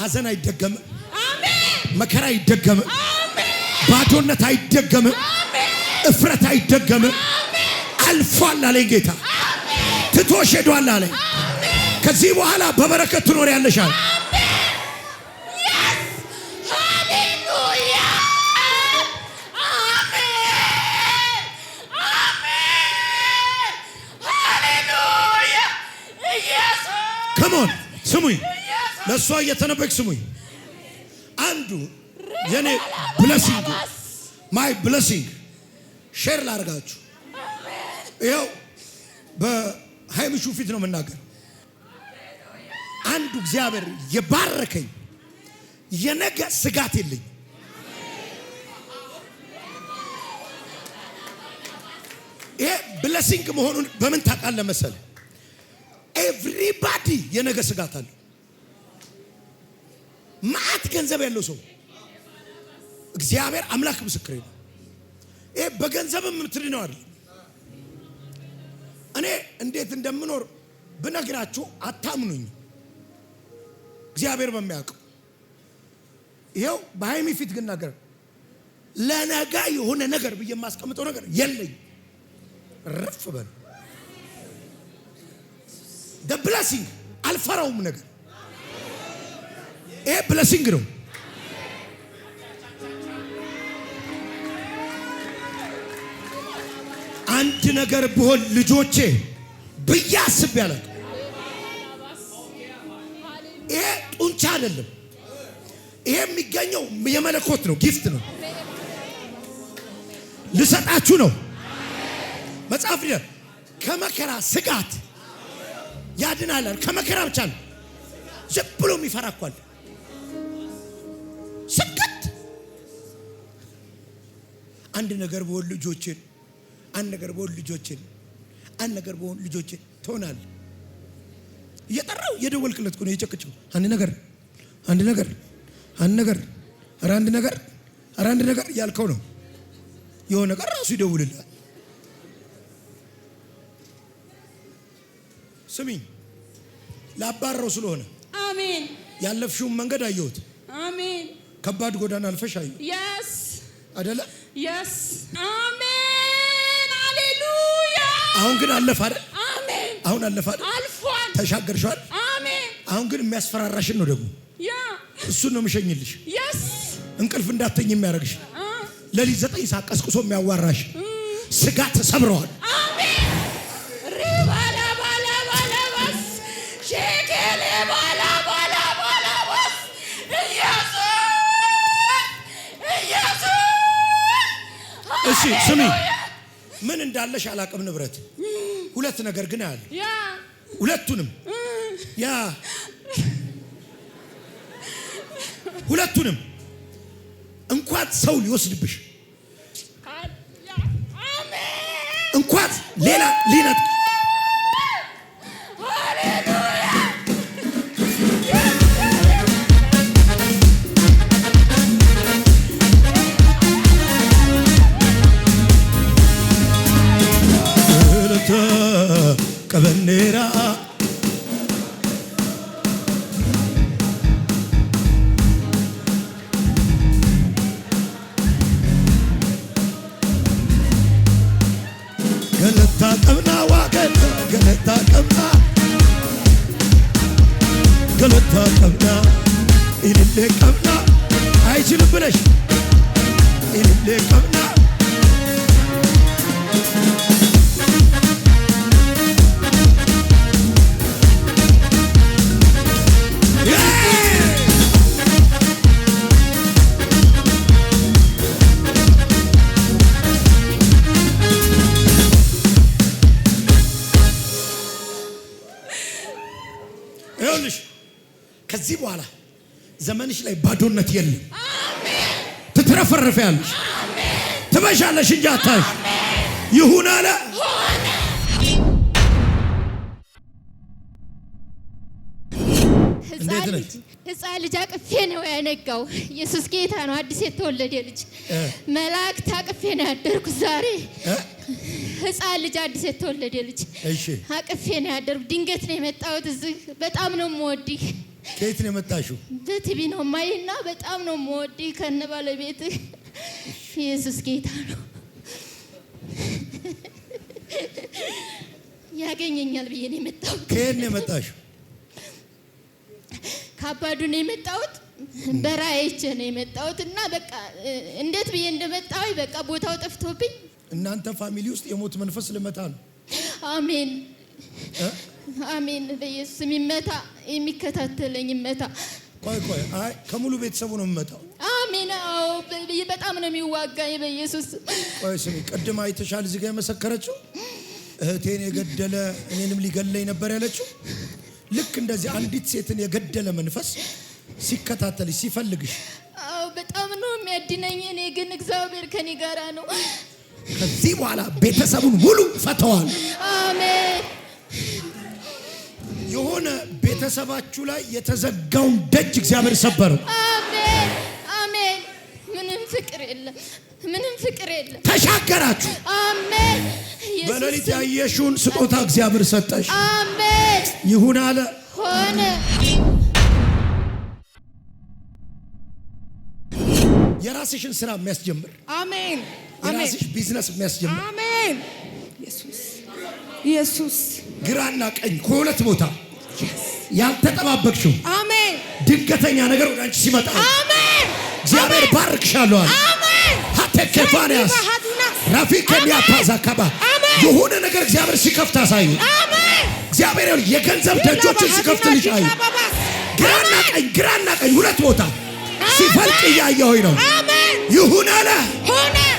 ሐዘን አይደገምም። መከራ አይደገምም። ባዶነት አይደገምም። እፍረት አይደገምም። አልፏል አለኝ ጌታ። ትቶሽ ሄዷል አለኝ። ከዚህ በኋላ በበረከት ትኖር ያለሻል። ስሙኝ ለእሷ እየተነበክ ስሙኝ። አንዱ የኔ ብለሲንግ ማይ ብለሲንግ ሼር ላርጋችሁ። ይኸው በሀይምሹ ፊት ነው የምናገር። አንዱ እግዚአብሔር የባረከኝ የነገ ስጋት የለኝ። ይሄ ብለሲንግ መሆኑን በምን ታውቃለህ መሰለህ? ኤቭሪባዲ የነገ ስጋት አለው። ማአት ገንዘብ ያለው ሰው እግዚአብሔር አምላክ ምስክሬ ነው። ይሄ በገንዘብ የምትድነው አይደል። እኔ እንዴት እንደምኖር ብነግራችሁ አታምኑኝ። እግዚአብሔር በሚያውቀው ይኸው በሀይሚ ፊት ግን ነገር ለነጋ የሆነ ነገር ብዬ የማስቀምጠው ነገር የለኝ። ረፍ በል ደብላሲ አልፈራውም ነገር ይሄ ብለሲንግ ነው። አንድ ነገር ብሆን ልጆቼ ብዬ አስቤያለሁ። ይሄ ጡንቻ አይደለም። ይሄ የሚገኘው የመለኮት ነው፣ ጊፍት ነው፣ ልሰጣችሁ ነው። መጽሐፍ ከመከራ ስጋት ያድናል። ከመከራ ብቻ ነው ዝም ብሎ የሚፈራ እኮ አለ አንድ ነገር በሆን ልጆችን አንድ ነገር በሆን ልጆችን አንድ ነገር በሆን ልጆችን ትሆናል። እየጠራው የደወልክለት እኮ ነው የጨቅጭው። አንድ ነገር አንድ ነገር አንድ ነገር ኧረ አንድ ነገር ኧረ አንድ ነገር ያልከው ነው የሆነ ነገር ራሱ ይደውልልሃል። ስሚኝ ላባረው ስለሆነ አሜን። ያለፍሽውን መንገድ አየሁት። አሜን። ከባድ ጎዳና አልፈሽ አየሁ አይደለ? የስ አሜን ሃሌሉያ። አሁን ግን አለፈ አይደል? አሜን። አሁን አለፈ አይደል? አልፏል። ተሻገርሽዋል። አሜን። አሁን ግን የሚያስፈራራሽን ነው ደግሞ ያ እሱን ነው የምሸኝልሽ። እንቅልፍ እንዳተኝ የሚያደርግሽ ለሊት uh. ዘጠኝ ሰዓት ቀስቅሶ የሚያዋራሽ mm. ስጋ ተሰብረዋል። እሺ ስሚ፣ ምን እንዳለሽ አላቅም። ንብረት ሁለት ነገር ግን አለ። ሁለቱንም ያ ሁለቱንም እንኳን ሰው ሊወስድብሽ እንኳን ሌላ ሊነጥ አንተ ቀበኔራ ገለታ ቀብና ዋገት ገለታ ቀብና ገለታ ቀብና ኢልሌ ቀብና አይችልም ኢልሌ ቀብና ከዚህ በኋላ ዘመንሽ ላይ ባዶነት የለም። ትትረፈረፊያለሽ፣ ትበሻለሽ እንጂ አታሽ ይሁን አለ። ህፃን ልጅ አቅፌ ነው ያነጋው። ኢየሱስ ጌታ ነው። አዲስ የተወለደ ልጅ መላእክት አቅፌ ነው ያደርኩ ዛሬ ህፃን ልጅ አዲስ የተወለደ ልጅ አቅፌ ነው ያደርኩ። ድንገት ነው የመጣሁት እዚህ። በጣም ነው የምወድህ ከየት ነው የመጣሽው? በቲቪ ነው ማይና በጣም ነው የምወድ ከነ ባለቤት ኢየሱስ ጌታ ነው ያገኘኛል ብዬ ነው የመጣሁት። ከየት ነው የመጣሽው? ከባዱ ነው የመጣሁት በራይቼ ነው የመጣሁት እና በቃ እንዴት ብዬ እንደመጣሁ በቃ ቦታው ጠፍቶብኝ እናንተ ፋሚሊ ውስጥ የሞት መንፈስ ልመታ ነው። አሜን አሜን። በኢየሱስ የሚመታ የሚከታተለኝ ይመታ። ቆይ ቆይ፣ አይ ከሙሉ ቤተሰቡ ነው የሚመጣው። አሜን። አዎ በጣም ነው የሚዋጋኝ በኢየሱስ። ቆይ ስሚ፣ ቅድም አይተሻል፣ እዚህ ጋር የመሰከረችው እህቴን የገደለ እኔንም ሊገለኝ ነበር ያለችው። ልክ እንደዚህ አንዲት ሴትን የገደለ መንፈስ ሲከታተልሽ፣ ሲፈልግሽ፣ አዎ በጣም ነው የሚያድነኝ። እኔ ግን እግዚአብሔር ከኔ ጋራ ነው። ከዚህ በኋላ ቤተሰቡን ሙሉ ፈተዋል። አሜን። የሆነ ቤተሰባችሁ ላይ የተዘጋውን ደጅ እግዚአብሔር ሰበረው። አሜን አሜን። ምንም ፍቅር የለም፣ ምንም ፍቅር የለም። ተሻገራችሁ። አሜን። በሌሊት ያየሽውን ስጦታ እግዚአብሔር ሰጠሽ። አሜን። ይሁን አለ ሆነ። የራስሽን ስራ የሚያስጀምር አሜን። የራስሽ ቢዝነስ የሚያስጀምር አሜን። ኢየሱስ ኢየሱስ ግራና ቀኝ ከሁለት ቦታ ያልተጠባበቅሽው አሜን። ድንገተኛ ነገር ወደ አንቺ ሲመጣ አሜን። እግዚአብሔር ባርክሻለሁ አለ። አሜን። ሀተከፋንያስ ራፊቅ ከሚያፓዛ የሆነ ነገር እግዚአብሔር ሲከፍት አሳዩ። አሜን። እግዚአብሔር የገንዘብ ደጆችን ሲከፍትልሽ አዩ። ግራና ቀኝ ግራና ቀኝ ሁለት ቦታ ሲፈልቅ እያየሁኝ ነው። ይሁን አለ ሆነ